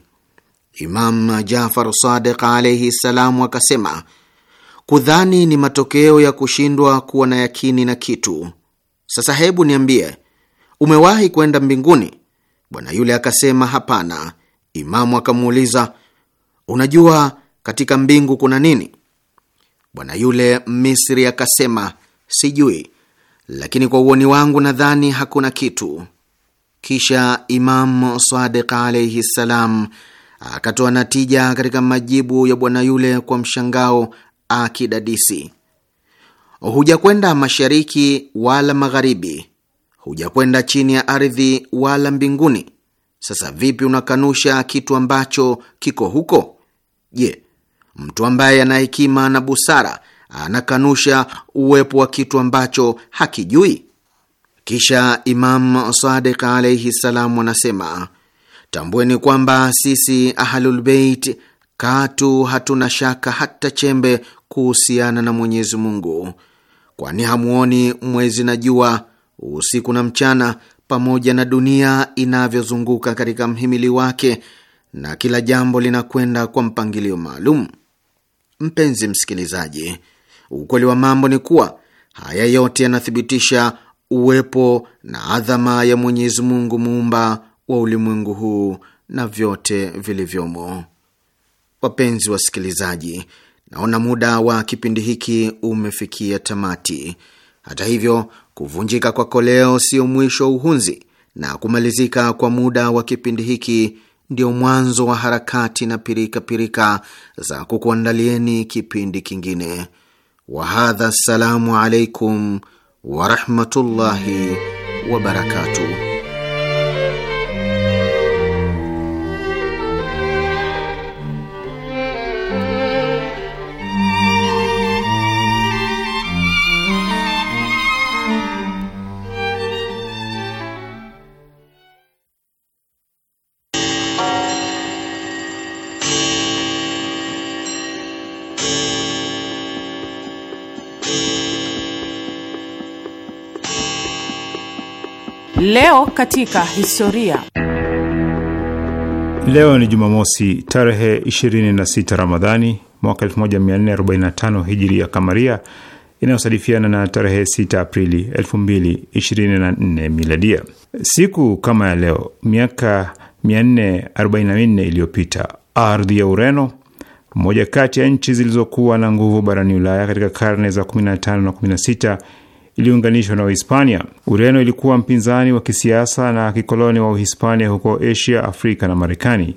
Imam Jafar Sadiq alaihi ssalamu akasema, kudhani ni matokeo ya kushindwa kuwa na yakini na kitu. Sasa hebu niambie, umewahi kwenda mbinguni? Bwana yule akasema, hapana. Imamu akamuuliza, unajua katika mbingu kuna nini? Bwana yule Misri akasema, sijui, lakini kwa uoni wangu nadhani hakuna kitu. Kisha Imamu Sadiq alaihi ssalam akatoa natija katika majibu ya bwana yule kwa mshangao akidadisi, hujakwenda mashariki wala magharibi hujakwenda chini ya ardhi wala mbinguni. Sasa vipi unakanusha kitu ambacho kiko huko? Je, mtu ambaye ana hekima na busara anakanusha uwepo wa kitu ambacho hakijui? Kisha Imam Sadik alaihi ssalam anasema, tambueni kwamba sisi Ahlulbeit katu hatuna shaka hata chembe kuhusiana na Mwenyezi Mungu, kwani hamuoni mwezi na jua usiku na mchana, pamoja na dunia inavyozunguka katika mhimili wake, na kila jambo linakwenda kwa mpangilio maalum. Mpenzi msikilizaji, ukweli wa mambo ni kuwa haya yote yanathibitisha uwepo na adhama ya Mwenyezi Mungu muumba wa ulimwengu huu na vyote vilivyomo. Wapenzi wasikilizaji, naona muda wa kipindi hiki umefikia tamati. Hata hivyo, Kuvunjika kwako leo sio mwisho wa uhunzi, na kumalizika kwa muda wa kipindi hiki ndio mwanzo wa harakati na pirikapirika pirika za kukuandalieni kipindi kingine. Wahadha, assalamu alaikum warahmatullahi wabarakatuh. Leo katika historia. Leo ni Jumamosi tarehe 26 Ramadhani mwaka 1445 hijiri ya kamaria inayosadifiana na tarehe 6 Aprili 2024 miladia. Siku kama ya leo miaka 444 iliyopita, ardhi ya Ureno, moja kati ya nchi zilizokuwa na nguvu barani Ulaya katika karne za 15 na iliunganishwa na Uhispania. Ureno ilikuwa mpinzani wa kisiasa na kikoloni wa Uhispania huko Asia, Afrika na Marekani.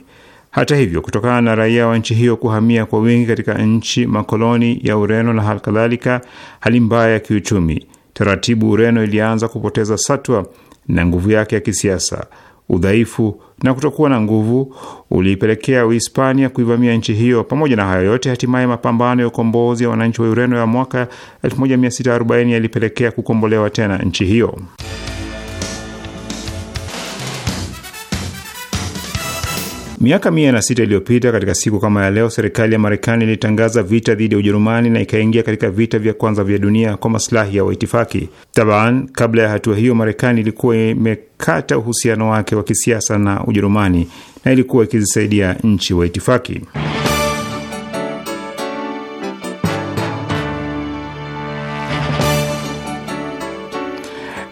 Hata hivyo, kutokana na raia wa nchi hiyo kuhamia kwa wingi katika nchi makoloni ya Ureno na halikadhalika hali mbaya ya kiuchumi, taratibu Ureno ilianza kupoteza satwa na nguvu yake ya kisiasa udhaifu na kutokuwa na nguvu uliipelekea Uhispania kuivamia nchi hiyo. Pamoja na hayo yote, hatimaye mapambano ya ukombozi ya wananchi wa Ureno ya mwaka 1640 yalipelekea kukombolewa tena nchi hiyo. Miaka mia na sita iliyopita katika siku kama ya leo, serikali ya Marekani ilitangaza vita dhidi ya Ujerumani na ikaingia katika vita vya kwanza vya dunia kwa masilahi ya waitifaki taban. Kabla ya hatua hiyo, Marekani ilikuwa imekata uhusiano wake wa kisiasa na Ujerumani na ilikuwa ikizisaidia nchi waitifaki.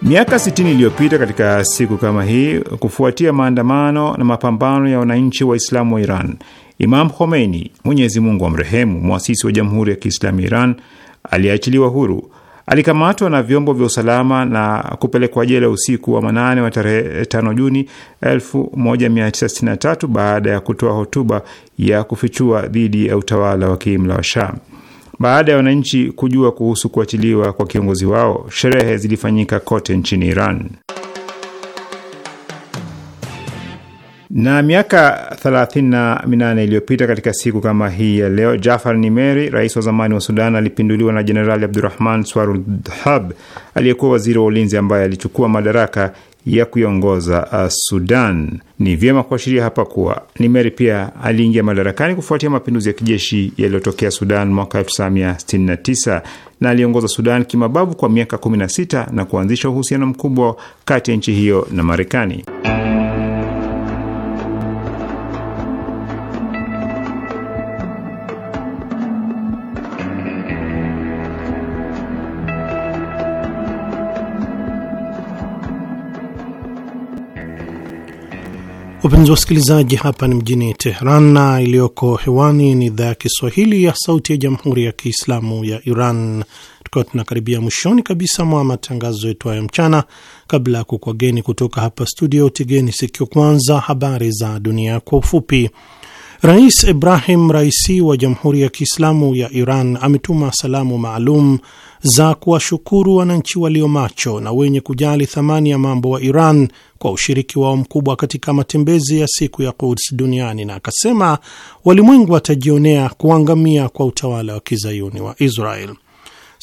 Miaka 60 iliyopita katika siku kama hii, kufuatia maandamano na mapambano ya wananchi Waislamu wa Iran, Imam Khomeini, Mwenyezi Mungu amrehemu, mwasisi wa Jamhuri ya Kiislamu ya Iran, aliyeachiliwa huru alikamatwa na vyombo vya usalama na kupelekwa jela usiku wa manane wa tarehe 5 Juni 1963 baada ya kutoa hotuba ya kufichua dhidi ya utawala wa kiimla wa sham baada ya wananchi kujua kuhusu kuachiliwa kwa kiongozi wao, sherehe zilifanyika kote nchini Iran. Na miaka 38 iliyopita katika siku kama hii ya leo, Jafar Nimeri, rais wa zamani wa Sudan, alipinduliwa na Jenerali Abdurahman Swarudhab, aliyekuwa waziri wa ulinzi, ambaye alichukua madaraka ya kuiongoza uh, Sudan. Ni vyema kuashiria hapa kuwa Nimeri pia aliingia madarakani kufuatia mapinduzi ya kijeshi yaliyotokea Sudan mwaka 1969 na aliongoza Sudan kimabavu kwa miaka 16 na kuanzisha uhusiano mkubwa kati ya nchi hiyo na Marekani. Wapenzi wasikilizaji, hapa ni mjini Teheran na iliyoko hewani ni idhaa ya Kiswahili ya Sauti ya Jamhuri ya Kiislamu ya Iran. Tukiwa tunakaribia mwishoni kabisa mwa matangazo yetu haya mchana, kabla ya kukwageni kutoka hapa studio, tigeni sikio kwanza habari za dunia kwa ufupi. Rais Ibrahim Raisi wa Jamhuri ya Kiislamu ya Iran ametuma salamu maalum za kuwashukuru wananchi walio macho na wenye kujali thamani ya mambo wa Iran kwa ushiriki wao mkubwa katika matembezi ya siku ya Quds duniani, na akasema walimwengu watajionea kuangamia kwa utawala wa kizayuni wa Israel.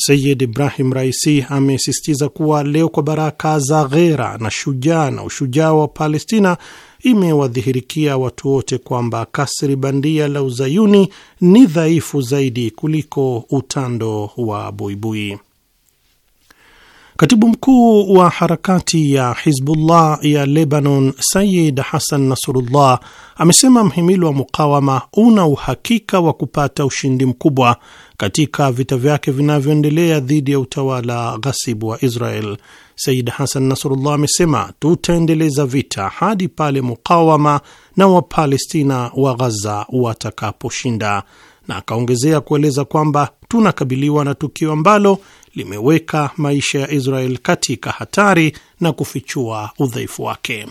Sayid Ibrahim Raisi amesisitiza kuwa leo kwa baraka za ghera na shujaa na ushujaa wa Palestina imewadhihirikia watu wote kwamba kasri bandia la uzayuni ni dhaifu zaidi kuliko utando wa buibui. Katibu mkuu wa harakati ya Hizbullah ya Lebanon, Sayid Hasan Nasrullah, amesema mhimili wa mukawama una uhakika wa kupata ushindi mkubwa katika vita vyake vinavyoendelea dhidi ya utawala ghasibu wa Israel. Sayid Hasan Nasrullah amesema tutaendeleza vita hadi pale mukawama na Wapalestina wa Ghaza watakaposhinda, na akaongezea kueleza kwamba tunakabiliwa na tukio ambalo limeweka maisha ya Israel katika hatari na kufichua udhaifu wake.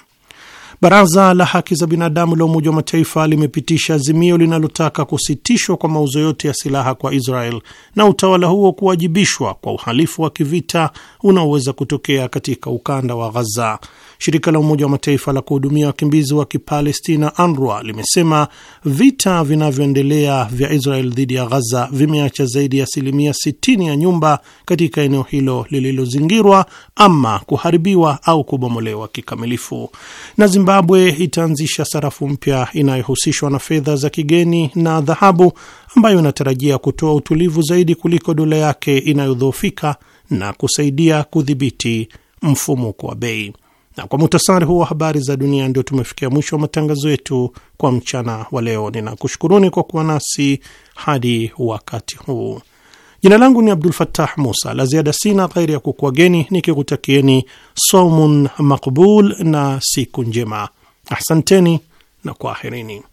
Baraza la Haki za Binadamu la Umoja wa Mataifa limepitisha azimio linalotaka kusitishwa kwa mauzo yote ya silaha kwa Israel na utawala huo kuwajibishwa kwa uhalifu wa kivita unaoweza kutokea katika ukanda wa Ghaza Shirika la Umoja wa Mataifa la kuhudumia wakimbizi wa Kipalestina, UNRWA, limesema vita vinavyoendelea vya Israel dhidi ya Ghaza vimeacha zaidi ya asilimia 60 ya nyumba katika eneo hilo lililozingirwa ama kuharibiwa au kubomolewa kikamilifu. Na Zimbabwe itaanzisha sarafu mpya inayohusishwa na fedha za kigeni na dhahabu ambayo inatarajia kutoa utulivu zaidi kuliko dola yake inayodhoofika na kusaidia kudhibiti mfumuko wa bei. Na kwa muhtasari huu wa habari za dunia, ndio tumefikia mwisho wa matangazo yetu kwa mchana wa leo. Ninakushukuruni kwa kuwa nasi hadi wakati huu. Jina langu ni Abdul Fattah Musa. La ziada sina ghairi ya kukuageni nikikutakieni saumun makbul na siku njema. Asanteni na kwaherini.